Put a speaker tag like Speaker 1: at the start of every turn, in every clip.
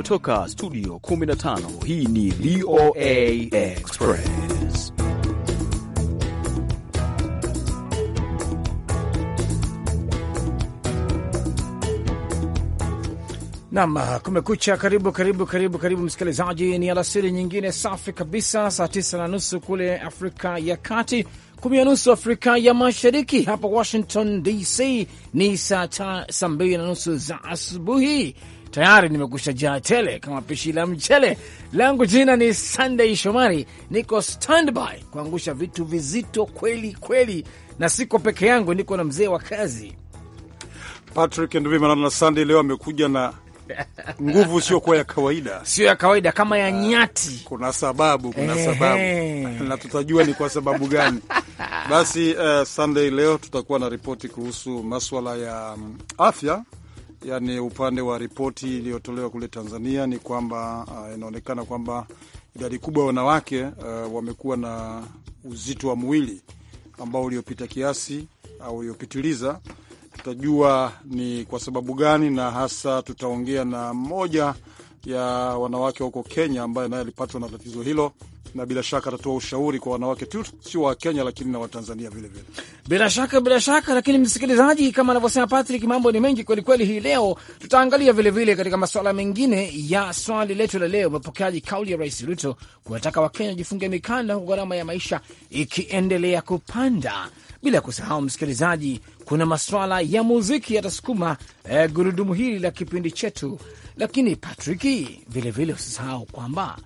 Speaker 1: kutoka studio 15 hii ni VOA Express.
Speaker 2: Nam ah, kumekucha, karibu karibu karibu karibu msikilizaji, ni alasiri nyingine safi kabisa, saa tisa na nusu kule Afrika ya Kati, kumi na nusu Afrika ya Mashariki. Hapa Washington DC ni saa mbili na nusu za asubuhi tayari nimekusha jaa tele kama pishi la mchele langu. Jina ni Sunday Shomari, niko standby kuangusha vitu vizito kweli kweli, na siko peke yangu, niko na mzee wa kazi
Speaker 3: Patrick Nduvimana. Na Sunday leo amekuja na nguvu siokuwa ya kawaida, sio ya kawaida kama ya ah, nyati. Kuna sababu, kuna sababu na tutajua ni kwa sababu gani. Basi uh, Sunday leo tutakuwa na ripoti kuhusu maswala ya mm, afya yani upande wa ripoti iliyotolewa kule Tanzania ni kwamba uh, inaonekana kwamba idadi kubwa ya wanawake uh, wamekuwa na uzito wa mwili ambao uliopita kiasi au uliopitiliza. Tutajua ni kwa sababu gani, na hasa tutaongea na mmoja ya wanawake huko Kenya ambaye naye alipatwa na tatizo hilo na bila shaka atatoa ushauri kwa wanawake tu, sio wa Kenya lakini na Watanzania vile. Bila shaka, bila shaka. Lakini msikilizaji,
Speaker 2: kama anavyosema Patrick, mambo ni mengi kwelikweli. Hii leo tutaangalia vilevile katika masuala mengine ya swali letu la leo, umepokeaji kauli ya Rais Ruto kuwataka Wakenya wajifunge mikanda huku gharama ya maisha ikiendelea kupanda. Bila kusahau msikilizaji, kuna maswala ya muziki yatasukuma eh, gurudumu hili la kipindi chetu, lakini Patrick, vilevile usisahau kwamba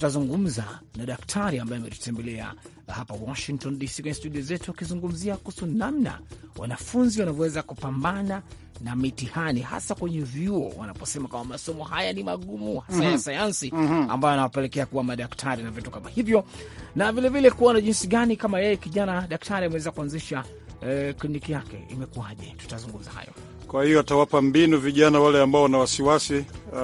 Speaker 2: tutazungumza na daktari ambaye ametutembelea hapa Washington DC kwenye studio zetu, akizungumzia kuhusu namna wanafunzi wanavyoweza kupambana na mitihani, hasa kwenye vyuo wanaposema kama masomo haya ni magumu, hasa ya mhm. sayansi mhm. ambayo anawapelekea kuwa madaktari na vitu kama hivyo, na vilevile kuona jinsi gani kama yeye kijana daktari ameweza kuanzisha eh, kliniki yake. Imekuwaje? Tutazungumza hayo.
Speaker 3: Kwa hiyo atawapa mbinu vijana wale ambao wana wasiwasi uh,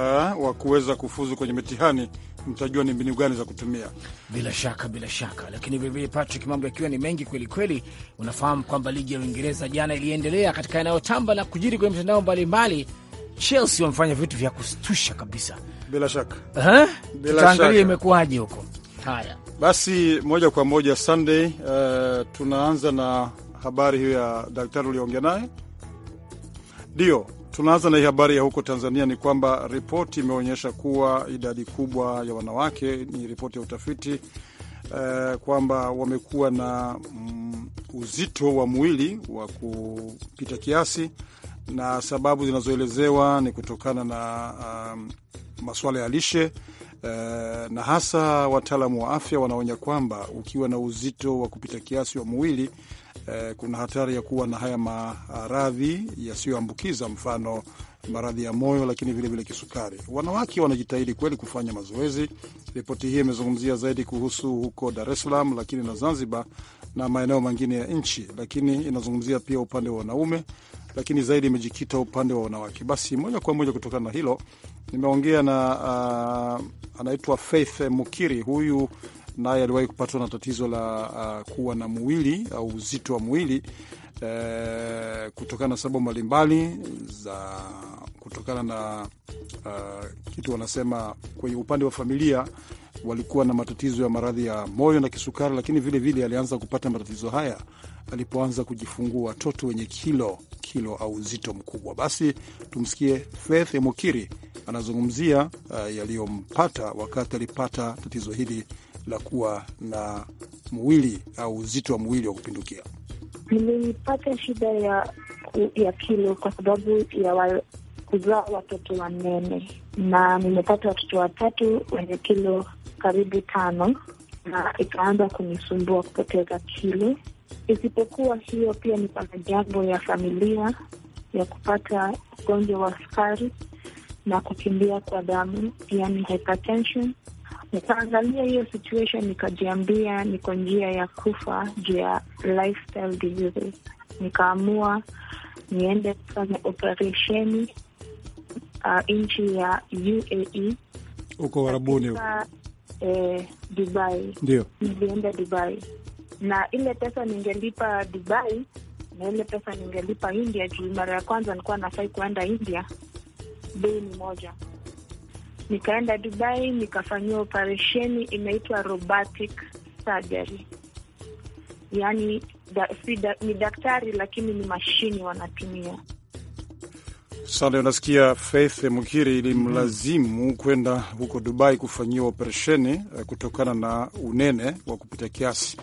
Speaker 3: wa kuweza kufuzu kwenye mitihani mtajua ni mbinu gani za kutumia.
Speaker 2: Bila shaka, bila shaka. Lakini vilevile, Patrick, mambo yakiwa ni mengi kweli kweli, unafahamu kwamba ligi ya Uingereza jana iliendelea katika tamba na kujiri kwenye mitandao mbalimbali. Chelsea wamefanya vitu vya kustusha kabisa,
Speaker 3: bila shaka. Tutaangalia
Speaker 2: imekuwaje huko.
Speaker 3: Haya basi, moja kwa moja Sunday, uh, tunaanza na habari hiyo ya daktari ulioongea naye, ndio Tunaanza na hii habari ya huko Tanzania. Ni kwamba ripoti imeonyesha kuwa idadi kubwa ya wanawake, ni ripoti ya utafiti eh, kwamba wamekuwa na mm, uzito wa mwili wa kupita kiasi, na sababu zinazoelezewa ni kutokana na um, masuala ya lishe uh, na hasa wataalamu wa afya wanaonya kwamba ukiwa na uzito wa kupita kiasi wa mwili eh, kuna hatari ya kuwa na haya maradhi yasiyoambukiza, mfano maradhi ya moyo, lakini vilevile kisukari. Wanawake wanajitahidi kweli kufanya mazoezi. Ripoti hii imezungumzia zaidi kuhusu huko Dar es Salaam, lakini na Zanzibar na maeneo mengine ya nchi, lakini inazungumzia pia upande wa wanaume, lakini zaidi imejikita upande wa wanawake. Basi moja kwa moja kutokana na hilo nimeongea na uh, anaitwa Faith Mukiri. Huyu naye aliwahi kupatwa na tatizo la uh, kuwa na mwili au uzito wa mwili uh, kutokana na sababu mbalimbali za kutokana na uh, kitu wanasema kwenye upande wa familia walikuwa na matatizo ya maradhi ya moyo na kisukari, lakini vilevile vile alianza kupata matatizo haya alipoanza kujifungua watoto wenye kilo kilo au uzito mkubwa. Basi tumsikie Faith Mukiri anazungumzia uh, yaliyompata wakati alipata tatizo hili la kuwa na mwili au uzito wa mwili wa kupindukia?
Speaker 4: Nilipata shida ya ya kilo kwa sababu ya wa, kuzaa watoto wanene, na nimepata watoto watatu wenye kilo karibu tano, na ikaanza kunisumbua kupoteza kilo. Isipokuwa hiyo, pia ni kwa jambo ya familia ya kupata ugonjwa wa sukari na kukimbia kwa damu, yani hypertension nikaangalia hiyo situation, nikajiambia niko njia ya kufa juu ya lifestyle diseases. Nikaamua niende kufanya operesheni uh, nchi ya UAE
Speaker 3: huko Arabuni,
Speaker 4: eh, Dubai. Ndio nilienda Dubai na ile pesa ningelipa Dubai na ile pesa ningelipa India juu mara ya kwanza nilikuwa nafai kuenda India, bei ni moja Nikaenda Dubai nikafanyiwa operesheni inaitwa robotic surgery, yaani da, si da, ni daktari lakini ni mashini wanatumia.
Speaker 3: Sande, unasikia Faith Mukiri ilimlazimu kwenda huko Dubai kufanyiwa operesheni eh, kutokana na unene wa kupita kiasi.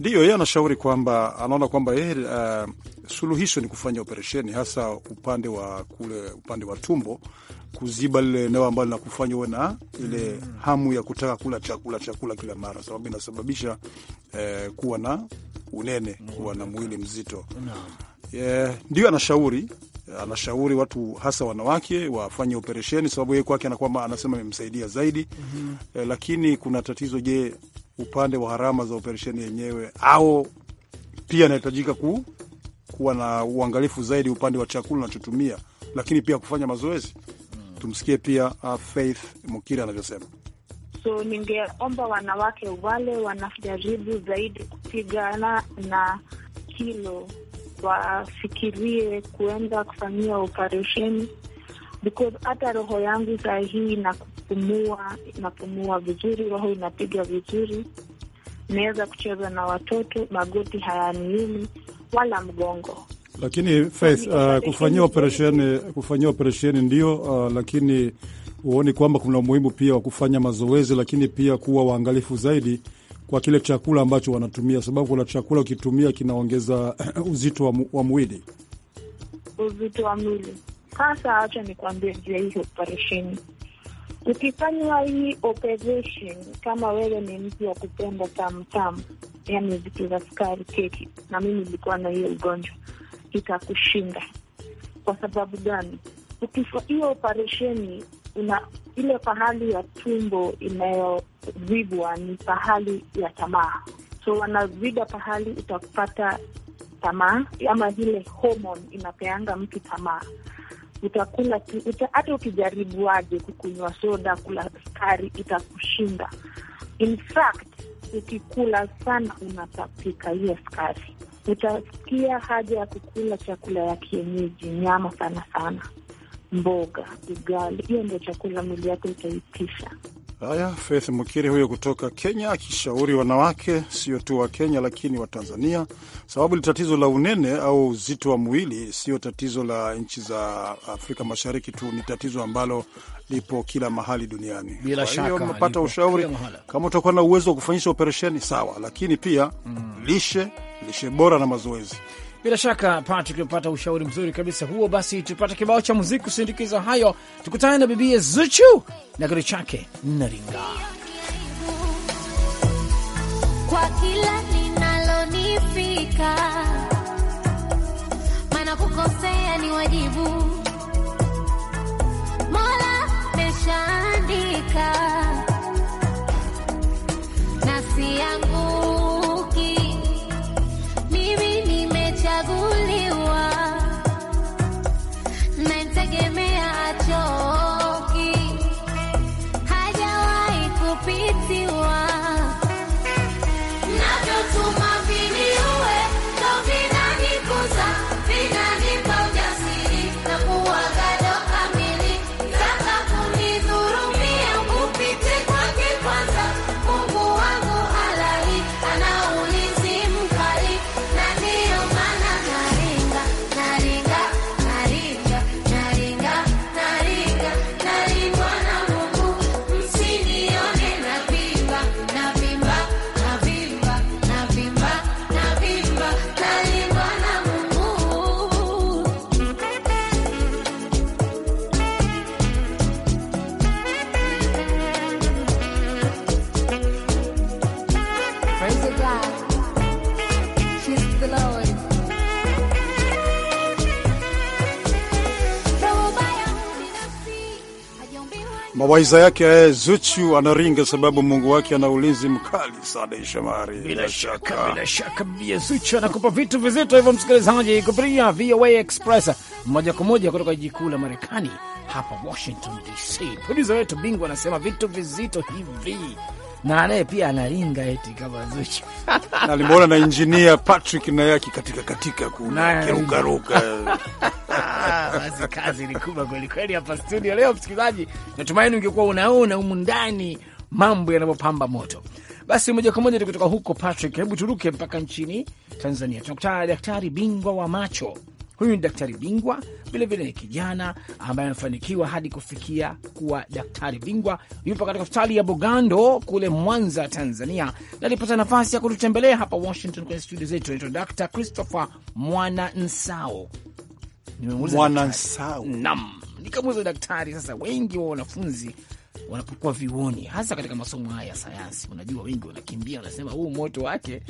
Speaker 3: Ndiyo, yeye anashauri kwamba anaona kwamba yeye uh, suluhisho ni kufanya operesheni, hasa upande wa kule upande wa tumbo, kuziba lile eneo ambalo linakufanya uwe na ile hamu ya kutaka kula chakula chakula kila mara, sababu inasababisha uh, kuwa na unene, kuwa na mwili mzito. Yeah, ndio anashauri anashauri watu hasa wanawake wafanye operesheni, sababu yeye kwake anakwamba anasema imemsaidia zaidi. mm -hmm. Eh, lakini kuna tatizo. Je, upande wa gharama za operesheni yenyewe, au pia inahitajika ku, kuwa na uangalifu zaidi upande wa chakula unachotumia, lakini pia kufanya mazoezi. Hmm. Tumsikie pia uh, Faith Mukira anavyosema.
Speaker 4: So ningeomba wanawake wale wanajaribu zaidi kupigana na kilo wafikirie kuenda kufanyia operesheni because hata roho yangu saa hii na kupumua, inapumua vizuri, roho inapiga vizuri, naweza kucheza na watoto, magoti hayaniumi wala mgongo.
Speaker 3: Lakini Faith, uh, kufanyia operesheni kufanyia operesheni ndio, uh, lakini huoni kwamba kuna umuhimu pia wa kufanya mazoezi, lakini pia kuwa waangalifu zaidi kwa kile chakula ambacho wanatumia, sababu kuna chakula ukitumia kinaongeza uzito wa, wa mwili
Speaker 4: uzito wa mwili. Sasa acha ni juu ya hiyo operesheni. Tukifanywa hii operation, kama wewe ni mtu wa kupenda tamtam yani vitu za sukari, keki, na mimi nilikuwa na hiyo ugonjwa, itakushinda. Kwa sababu gani? Hiyo operesheni una ile pahali ya tumbo inayozibwa ni pahali ya tamaa, so wanazida pahali utakupata tamaa, ama ile homoni inapeanga mtu tamaa utakula hata ukijaribu aje kukunywa soda, kula sukari itakushinda. In fact ukikula sana unatapika hiyo sukari, utasikia haja ya kukula chakula ya kienyeji, nyama sana sana, mboga, ugali. Hiyo ndio chakula mwili yako
Speaker 3: itaitisha. Haya, Faith Mukiri huyo kutoka Kenya akishauri wanawake sio tu wa Kenya lakini wa Tanzania, sababu tatizo la unene au uzito wa mwili sio tatizo la nchi za Afrika Mashariki tu, ni tatizo ambalo lipo kila mahali duniani. Bila shaka hiyo unapata ushauri, kama utakuwa na uwezo wa kufanyisha operesheni sawa, lakini pia mm, lishe lishe bora na mazoezi.
Speaker 2: Bila shaka Patrick umepata ushauri mzuri kabisa huo. Basi tupate kibao cha muziki kusindikiza hayo, tukutane na bibie Zuchu na kitu chake Naringa.
Speaker 5: Kwa kila linalonifika, maana kukosea ni wajibu, Mola meshaandika
Speaker 3: mawaiza yake aye eh, Zuchu anaringa sababu Mungu wake ana ulinzi mkali sana Shomari. Bila shaka, bila shaka
Speaker 2: bia Zuchu anakupa vitu vizito hivyo msikilizaji, kupitia VOA Express moja kwa moja kutoka jiji kuu la Marekani hapa Washington DC. Producer wetu bingwa anasema vitu vizito hivi na naye pia analinga eti kama Zuchu
Speaker 3: nalimwona na injinia Patrick na yaki katika kurukaruka.
Speaker 2: Ah, basi kazi ni kubwa kwelikweli hapa studio leo. Msikilizaji, natumaini ungekuwa unaona humu ndani mambo yanavyopamba moto. Basi moja kwa moja tukitoka huko Patrick, hebu turuke mpaka nchini Tanzania, tunakutana na daktari bingwa wa macho Huyu ni daktari bingwa vilevile, ni kijana ambaye amefanikiwa hadi kufikia kuwa daktari bingwa. Yupo katika hospitali ya Bugando kule Mwanza, Tanzania, na alipata nafasi ya kututembelea hapa Washington kwenye studio zetu. Anaitwa Dr Christopher Mwanansao. Naam, nikamuuliza daktari, sasa wengi wa wanafunzi wanapokuwa vioni hasa katika masomo haya ya sayansi, unajua wengi wanakimbia, wanasema huu moto wake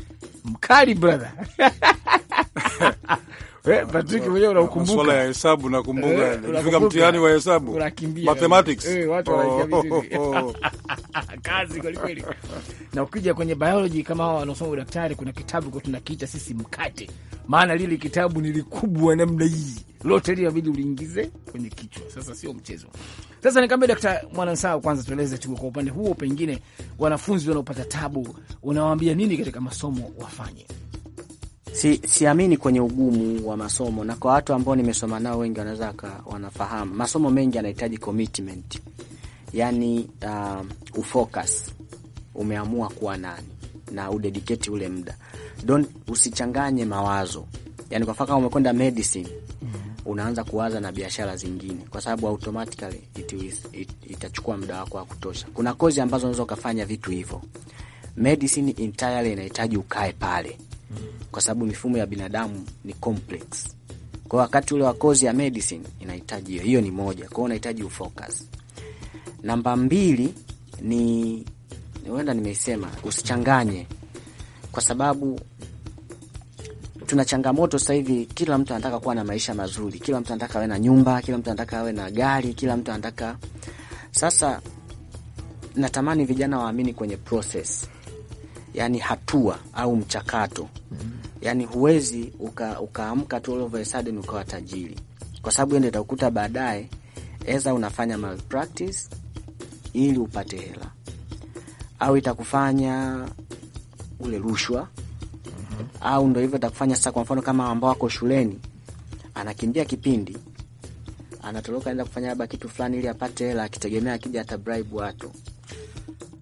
Speaker 2: mkali brother
Speaker 3: Eh, Patrick mwenyewe unakumbuka. Swala ya hesabu nakumbuka. Eh, Nilifika mtihani wa hesabu. Mathematics. Eh, watu oh. wanakimbia vizuri.
Speaker 2: Kazi kweli kweli. Na ukija kwenye biology kama hao wanaosoma udaktari kuna kitabu kwa tunakiita sisi mkate. Maana lile kitabu nilikubwa namna hii. Lote ile inabidi uliingize kwenye kichwa. Sasa sio mchezo. Sasa nikambe daktari Mwanansao, kwanza tueleze tu kwa upande huo, pengine wanafunzi wanaopata tabu, unawaambia nini katika masomo wafanye?
Speaker 1: si, siamini kwenye ugumu wa masomo, na kwa watu ambao nimesoma nao wengi wanaweza wanafahamu masomo mengi yanahitaji commitment, yani uh, ufocus, umeamua kuwa nani na udedicate ule muda, don't usichanganye mawazo, yani kwa kama umekwenda medicine mm-hmm. unaanza kuwaza na biashara zingine, kwa sababu automatically it is, it, itachukua muda wako wa kutosha. Kuna kozi ambazo unaweza ukafanya vitu hivyo. Medicine entirely inahitaji ukae pale kwa sababu mifumo ya binadamu ni complex. Kwa wakati ule wa kozi ya medicine inahitaji hiyo, hiyo ni moja. Kwa hiyo unahitaji ufocus. Namba mbili ni huenda nimesema usichanganye, kwa sababu tuna changamoto sasa hivi. Kila mtu anataka kuwa na maisha mazuri, kila mtu anataka awe na nyumba, kila mtu anataka awe na gari, kila mtu anataka sasa. Natamani vijana waamini kwenye process yani hatua au mchakato mm. Yani huwezi ukaamka uka tu all of a sudden ukawa tajiri, kwa sababu ende utakuta baadaye eza unafanya malpractice ili upate hela, au itakufanya ule rushwa mm -hmm. au ndo hivyo itakufanya sasa, kwa mfano kama ambao wako shuleni anakimbia kipindi anatoroka enda kufanya labda kitu fulani ili apate hela, akitegemea akija hata bribe watu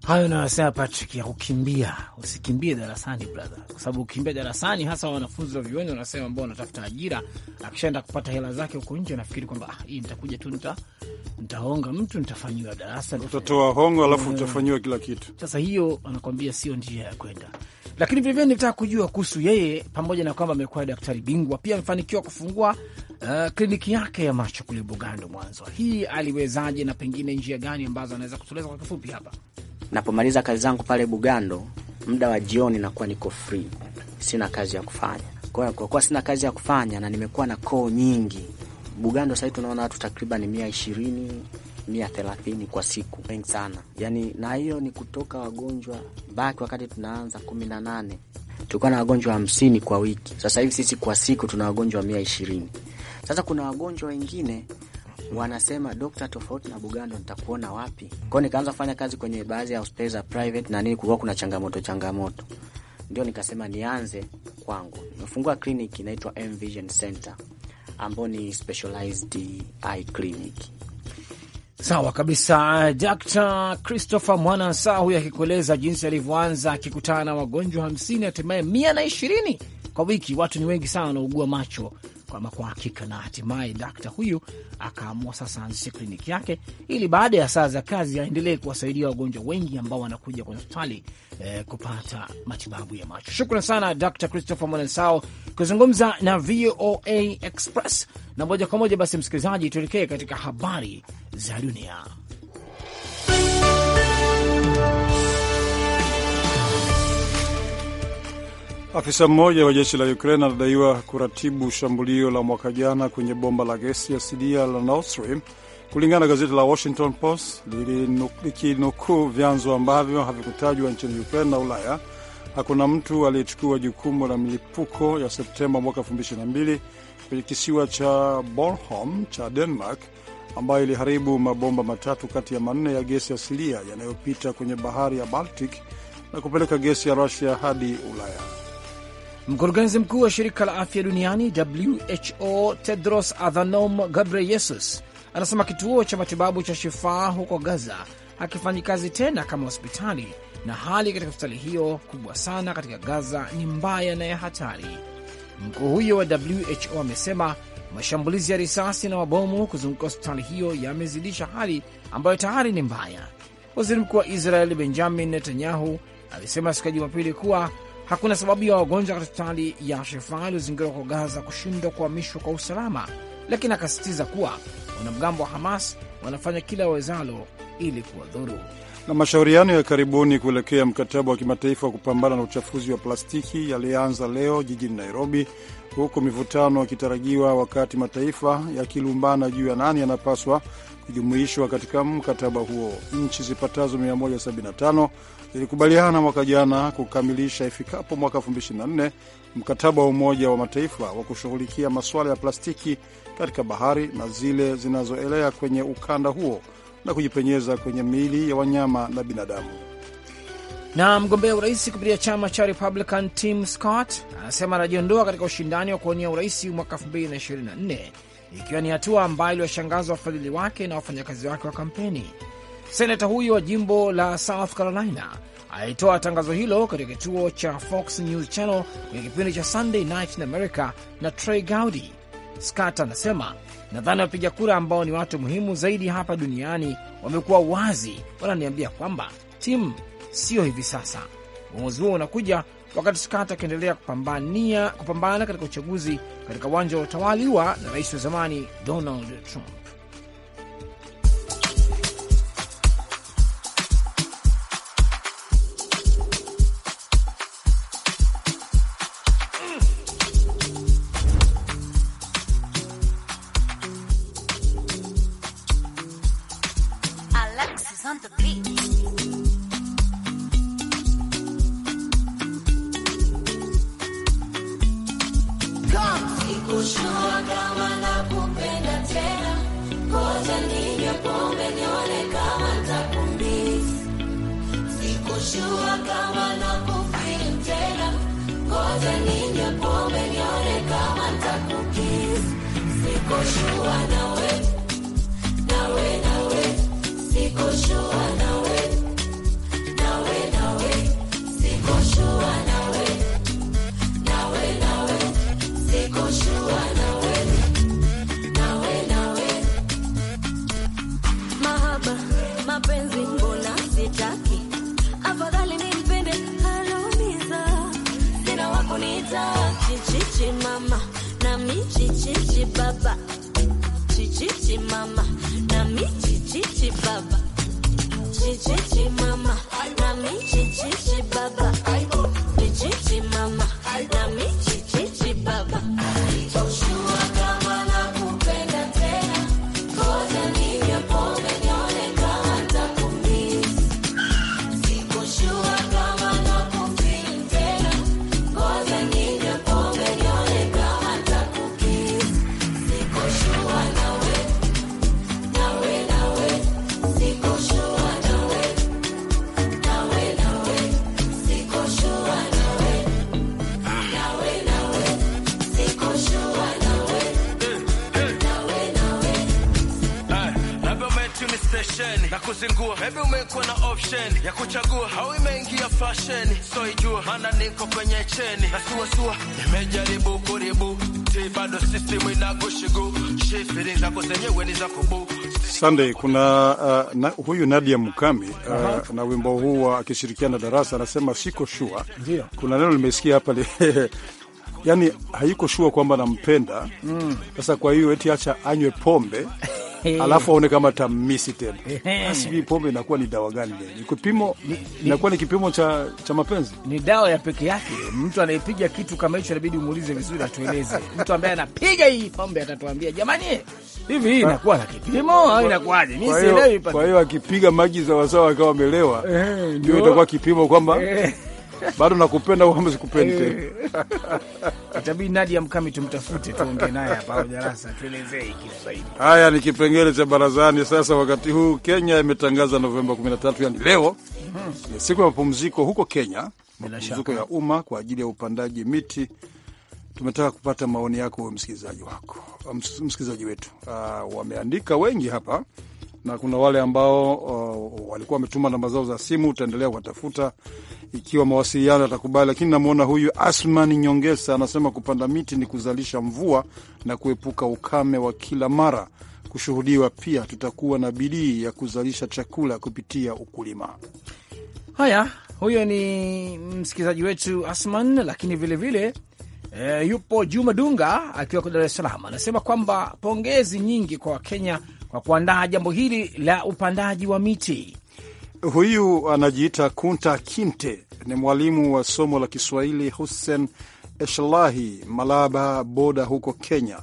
Speaker 2: hayo nayosema Patrick ya kukimbia. Usikimbie darasani brother, kwa sababu ukimbia darasani, hasa wanafunzi wa vyuoni wanasema, ambao wanatafuta ajira, akishaenda kupata hela zake huko nje anafikiri kwamba ah, hii nitakuja tu nita nitahonga mtu nitafanyiwa darasa,
Speaker 3: utatoa hongo alafu utafanyiwa kila kitu. Sasa
Speaker 2: hiyo anakwambia sio njia ya kwenda. Lakini vilevile nitaka kujua kuhusu yeye, pamoja na kwamba amekuwa daktari bingwa, pia amefanikiwa kufungua uh, kliniki yake ya macho kule Bugando, Mwanza. Hii aliwezaje, na pengine njia gani ambazo anaweza kutueleza kwa kifupi hapa?
Speaker 1: napomaliza kazi zangu pale Bugando, muda wa jioni nakuwa niko free, sina kazi ya kufanya. Kwa kwa kuwa sina kazi ya kufanya na nimekuwa na koo nyingi Bugando, sahii tunaona watu takriban mia ishirini mia thelathini kwa siku, wengi sana yani, na hiyo ni kutoka wagonjwa baki wakati tunaanza kumi na nane tulikuwa na wagonjwa hamsini kwa wiki. Sasa hivi sisi kwa siku tuna wagonjwa mia ishirini. Sasa kuna wagonjwa wengine Mm. wanasema dokta, tofauti na Bugando nitakuona wapi? Kwao nikaanza kufanya kazi kwenye baadhi ya hospitali za private na nini, kulikuwa kuna changamoto changamoto, ndio nikasema nianze kwangu. Nimefungua kliniki inaitwa M Vision Center ambao ni specialized eye clinic.
Speaker 2: Sawa kabisa. Dr Christopher Mwana saa huyo akikueleza jinsi alivyoanza akikutana na wagonjwa hamsini hatimaye mia na ishirini kwa wiki. Watu ni wengi sana wanaugua macho kama kwa hakika. Na hatimaye dakta huyu akaamua sasa aanzishe kliniki yake ili baada ya saa za kazi aendelee kuwasaidia wagonjwa wengi ambao wanakuja kwenye hospitali eh, kupata matibabu ya macho. Shukran sana Dr Christopher Mwanensao kuzungumza na VOA Express. Na moja kwa moja basi, msikilizaji, tuelekee katika habari za dunia.
Speaker 3: Afisa mmoja wa jeshi la Ukraine anadaiwa kuratibu shambulio la mwaka jana kwenye bomba la gesi asilia la Nord Stream, kulingana na gazeti la Washington Post likinukuu vyanzo ambavyo havikutajwa nchini Ukraine na Ulaya. Hakuna mtu aliyechukua jukumu la milipuko ya Septemba mwaka 2022 kwenye kisiwa cha Bornholm cha Denmark, ambayo iliharibu mabomba matatu kati ya manne ya gesi asilia yanayopita kwenye bahari ya Baltic na kupeleka gesi ya Rusia hadi Ulaya. Mkurugenzi mkuu wa shirika la afya duniani WHO Tedros
Speaker 2: Adhanom Ghebreyesus anasema kituo cha matibabu cha Shifaa huko Gaza hakifanyi kazi tena kama hospitali, na hali katika hospitali hiyo kubwa sana katika Gaza ni mbaya na ya hatari. Mkuu huyo wa WHO amesema mashambulizi ya risasi na mabomu kuzunguka hospitali hiyo yamezidisha hali ambayo tayari ni mbaya. Waziri mkuu wa Israeli Benjamin Netanyahu alisema siku ya Jumapili kuwa Hakuna sababu ya wagonjwa katika hospitali ya Shifa iliyozingirwa kwa Gaza kushindwa kuhamishwa kwa usalama, lakini akasisitiza kuwa wanamgambo wa Hamas wanafanya kila wawezalo ili kuwadhuru.
Speaker 3: Na mashauriano ya karibuni kuelekea mkataba wa kimataifa wa kupambana na uchafuzi wa plastiki yalianza leo jijini Nairobi, huku mivutano ikitarajiwa wakati mataifa yakilumbana juu ya nani yanapaswa kujumuishwa katika mkataba huo. Nchi zipatazo 175 lilikubaliana mwaka jana kukamilisha ifikapo mwaka 2024 mkataba wa Umoja wa Mataifa wa kushughulikia masuala ya plastiki katika bahari na zile zinazoelea kwenye ukanda huo na kujipenyeza kwenye miili ya wanyama na binadamu. Na mgombea urais kupitia chama cha Republican
Speaker 2: Tim Scott anasema anajiondoa katika ushindani wa kuwania urais mwaka 2024 ikiwa ni hatua ambayo iliwashangaza wafadhili wake na wafanyakazi wake wa kampeni. Senata huyo wa jimbo la South Carolina alitoa tangazo hilo katika kituo cha Fox News Channel kwenye kipindi cha Sunday Night in America na Trey Gowdy. Scott anasema, nadhani wapiga kura ambao ni watu muhimu zaidi hapa duniani wamekuwa wazi, wananiambia kwamba timu siyo hivi sasa. Uamuzi huo unakuja wakati Scott akiendelea kupambana katika uchaguzi katika uwanja wa utawaliwa na rais wa zamani Donald Trump.
Speaker 6: chichi baba chichichi mama nami chichichi baba chichichi mama nami chichichi baba
Speaker 7: generation na kuzingua, maybe umekuwa na option ya kuchagua au imeingia fashion, so ijua maana niko kwenye cheni na suasua, nimejaribu kuribu bado system inagushigu shifiri zako zenyewe ni za kubu
Speaker 3: Sunday kuna uh, na, huyu Nadia Mukami uh, uh -huh. na wimbo huu akishirikiana Darasa anasema siko shua. yeah. Kuna neno limesikia hapa li, yani hayuko shua kwamba nampenda mm. sasa mm. Kwa hiyo eti acha anywe pombe alafu aone kama tamisi tena. Basi hii pombe inakuwa ni dawa gani? Ni kipimo, inakuwa ni kipimo cha, cha mapenzi, ni dawa ya peke yake. Mtu
Speaker 2: anayepiga kitu kama hicho inabidi umuulize vizuri, atueleze. Mtu ambaye anapiga hii pombe atatuambia, jamani,
Speaker 3: hivi hii inakuwa na
Speaker 2: kipimo au inakuwaje? Mimi sielewi. Kwa hiyo
Speaker 3: akipiga maji sawasawa akawa amelewa, eh, ndio itakuwa kipimo kwamba eh bado nakupenda au amezikupendi tena.
Speaker 2: Eh. Itabidi Nadia Mkami tumtafute tuongee naye hapa au darasa tuelezee
Speaker 3: kitu zaidi. Haya ni kipengele cha barazani. Sasa wakati huu Kenya imetangaza Novemba 13, yani leo mhm. ni siku ya mapumziko huko Kenya, mapumziko ya umma kwa ajili ya upandaji miti. Tumetaka kupata maoni yako msikilizaji wako, msikilizaji wetu. Uh, wameandika wengi hapa na kuna wale ambao uh, walikuwa wametuma namba zao za simu. Utaendelea kuwatafuta ikiwa mawasiliano yatakubali, lakini namwona huyu Asman Nyongesa anasema kupanda miti ni kuzalisha mvua na kuepuka ukame wa kila mara kushuhudiwa. Pia tutakuwa na bidii ya kuzalisha chakula kupitia ukulima.
Speaker 2: Haya, huyo ni msikilizaji wetu Asman, lakini vilevile vile, e, yupo Juma Dunga akiwa Dar es Salaam anasema kwamba pongezi nyingi kwa Wakenya kwa kuandaa jambo hili la upandaji wa miti.
Speaker 3: Huyu anajiita Kunta Kinte, ni mwalimu wa somo la Kiswahili Hussein Eshlahi Malaba boda huko Kenya.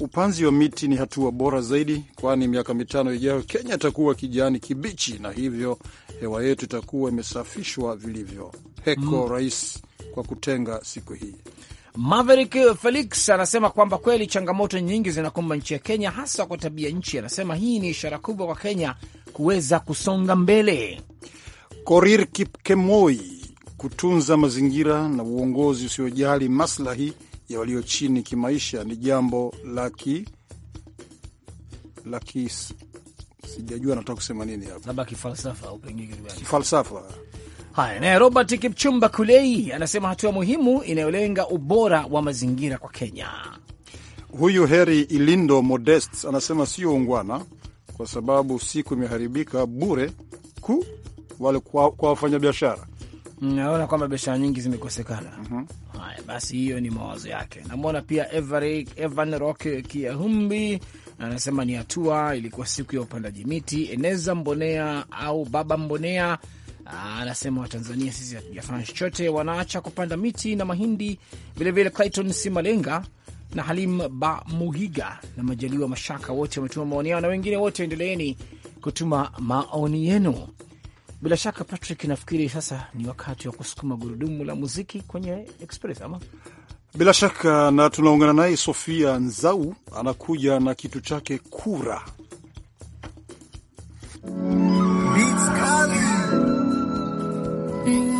Speaker 3: Upanzi wa miti ni hatua bora zaidi, kwani miaka mitano ijayo Kenya itakuwa kijani kibichi, na hivyo hewa yetu itakuwa imesafishwa vilivyo. Heko mm. Rais kwa kutenga siku hii Maverick Felix anasema kwamba kweli changamoto nyingi zinakumba nchi
Speaker 2: ya Kenya, hasa kwa tabia nchi. Anasema hii ni ishara kubwa kwa Kenya kuweza kusonga mbele.
Speaker 3: Korir Kipkemoi, kutunza mazingira na uongozi usiojali maslahi ya walio chini kimaisha ni jambo laki laki, sijajua nataka kusema nini hapa,
Speaker 2: labda kifalsafa au pengine kifalsafa Haya, naye Robert Kipchumba Kulei anasema hatua muhimu inayolenga ubora wa mazingira kwa Kenya.
Speaker 3: Huyu Heri Ilindo Modest anasema sio ungwana, kwa sababu siku imeharibika bure ku wale kwa, kwa wafanyabiashara.
Speaker 2: Mm, naona kwamba biashara nyingi zimekosekana. mm -hmm. Haya basi, hiyo ni mawazo yake. Namwona pia Evan Rock Kiahumbi anasema ni hatua, ilikuwa siku ya upandaji miti. Eneza Mbonea au Baba Mbonea Ah, anasema Watanzania sisi hatujafanya chochote, wanaacha kupanda miti na mahindi. Vilevile Clayton Simalenga na Halim Ba na Majaliwa Mashaka wote wametuma maoni yao, na wengine wote endeleeni kutuma maoni yenu. Bila shaka Patrick, nafikiri sasa ni wakati wa kusukuma gurudumu la muziki kwenye Express ama
Speaker 3: bila shaka, na tunaungana naye Sofia Nzau anakuja na kitu chake kura
Speaker 7: Beats. Yeah.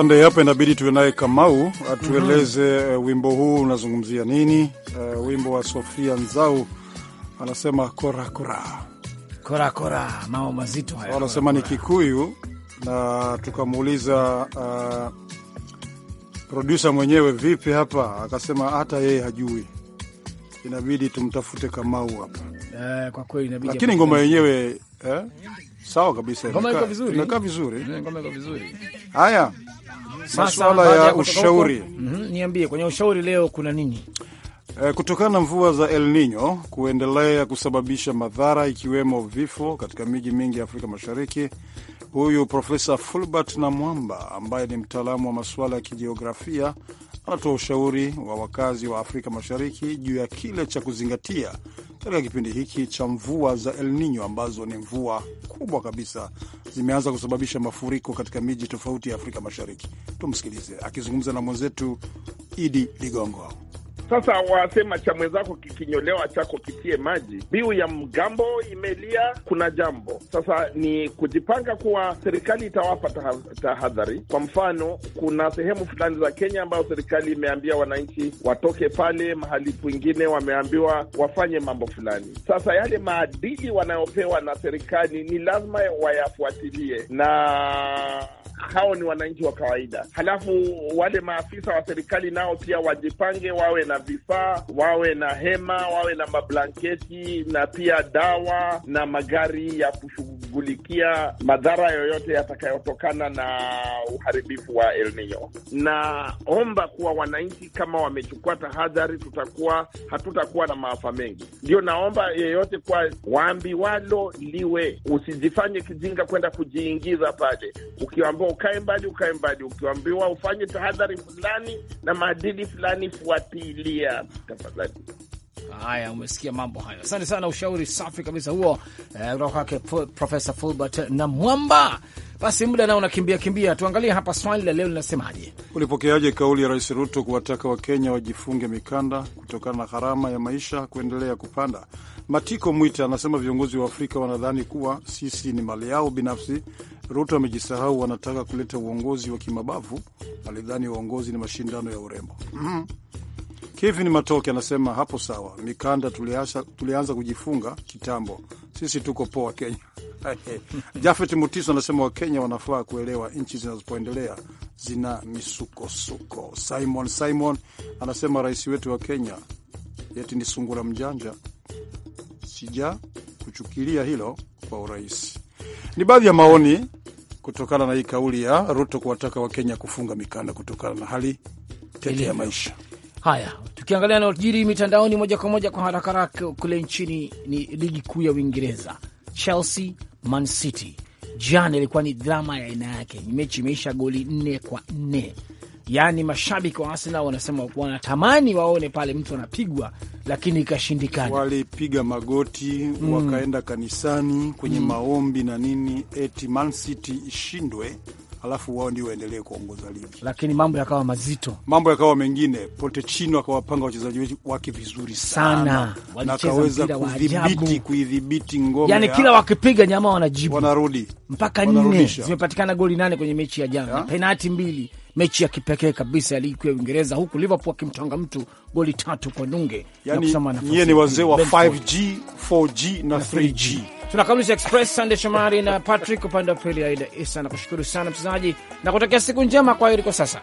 Speaker 3: Sande, hapa inabidi tuwe naye Kamau atueleze mm -hmm. Uh, wimbo huu unazungumzia nini? Uh, wimbo wa Sofia Nzau anasema korakora korakora, mambo mazito haya. Anasema ni Kikuyu na tukamuuliza uh, eh, produsa mwenyewe vipi hapa, akasema hata yeye hajui, inabidi tumtafute Kamau hapa
Speaker 2: eh, kwa kweli inabidi. Lakini ngoma yenyewe
Speaker 3: eh, sawa kabisa, inakaa vizuri, inakaa vizuri. Haya, masuala ya ushauri. Mm -hmm. Niambie, kwenye ushauri leo kuna nini? Eh, kutokana na mvua za El Nino kuendelea kusababisha madhara ikiwemo vifo katika miji mingi ya Afrika Mashariki, huyu Profesa Fulbert Namwamba ambaye ni mtaalamu wa masuala ya kijiografia anatoa ushauri wa wakazi wa Afrika Mashariki juu ya kile cha kuzingatia katika kipindi hiki cha mvua za El Nino ambazo ni mvua kubwa kabisa zimeanza kusababisha mafuriko katika miji tofauti ya Afrika Mashariki. Tumsikilize akizungumza na mwenzetu Idi Ligongo.
Speaker 7: Sasa wasema cha mwenzako kikinyolewa chako kitie maji. Biu ya mgambo imelia, kuna jambo sasa. Ni kujipanga kuwa serikali itawapa tahadhari. Kwa mfano, kuna sehemu fulani za Kenya ambayo serikali imeambia wananchi watoke pale, mahali pengine wameambiwa wafanye mambo fulani. Sasa yale maadili wanayopewa na serikali ni lazima wayafuatilie, na hao ni wananchi wa kawaida. Halafu wale maafisa wa serikali nao pia wajipange, wawe na vifaa, wawe na hema, wawe na mablanketi na pia dawa na magari ya kushughulikia madhara yoyote yatakayotokana na uharibifu wa El Nino. Naomba kuwa wananchi kama wamechukua tahadhari, tutakuwa hatutakuwa na maafa mengi. Ndio naomba yeyote kuwa waambi walo liwe, usijifanye kijinga kwenda kujiingiza pale. Ukiambiwa ukae mbali, ukae mbali. Ukiambiwa ufanye tahadhari fulani na maadili fulani, fuatili kusaidia tafadhali. Haya, umesikia
Speaker 2: mambo hayo. Asante sana, ushauri safi kabisa huo eh, kutoka kwake Profesa Fulbert na Mwamba. Basi muda nao unakimbia kimbia, tuangalie hapa swali la leo linasemaje.
Speaker 3: Ulipokeaje kauli ya Rais Ruto kuwataka Wakenya wajifunge mikanda kutokana na gharama ya maisha kuendelea kupanda? Matiko Mwita anasema viongozi wa Afrika wanadhani kuwa sisi ni mali yao binafsi. Ruto amejisahau, wanataka kuleta uongozi wa kimabavu. Alidhani uongozi ni mashindano ya urembo. mm -hmm. Kevin Matoke anasema hapo sawa, mikanda tuliasha, tulianza kujifunga kitambo, sisi tuko poa Kenya. Jafet Mutiso anasema Wakenya wanafaa kuelewa nchi zinazopoendelea zina misukosuko. Simon Simon anasema rais wetu wa Kenya yeti ni sungura mjanja, sija kuchukilia hilo kwa urahisi. Ni baadhi ya maoni kutokana na hii kauli ya Ruto kuwataka Wakenya kufunga mikanda kutokana na hali tete ya maisha.
Speaker 2: Haya, tukiangalia anaojiri mitandaoni moja kwa moja kwa haraka haraka, kule nchini ni ligi kuu ya Uingereza, Chelsea Man City jana ilikuwa ni drama ya aina yake. Mechi imeisha goli nne kwa nne. Yaani mashabiki wa Arsenal wanasema wanatamani waone pale mtu anapigwa, lakini ikashindikana.
Speaker 3: Walipiga magoti mm, wakaenda kanisani kwenye mm, maombi na nini, eti Man City ishindwe alafu wao ndio waendelee kuongoza ligi.
Speaker 2: Lakini mambo yakawa mazito,
Speaker 3: mambo yakawa mengine. Pochettino akawapanga wachezaji wake vizuri sana, na akaweza kudhibiti kuidhibiti ngome, yani kila
Speaker 2: wakipiga nyama wanajibu, wanarudi mpaka nne. Zimepatikana goli nane kwenye mechi ya jana, penati mbili mechi ya kipekee kabisa ya ligi kuu ya Uingereza, huku Liverpool akimtanga mtu goli tatu kwa nunge. Yani, nyie ni wazee wa 5G,
Speaker 3: 4G na 3G
Speaker 2: tunakamilisha Express Sande Shomari na Patrick upande wa pili, Aida Isa. Nakushukuru sana mchezaji na kutakia siku njema. Kwa heri kwa sasa.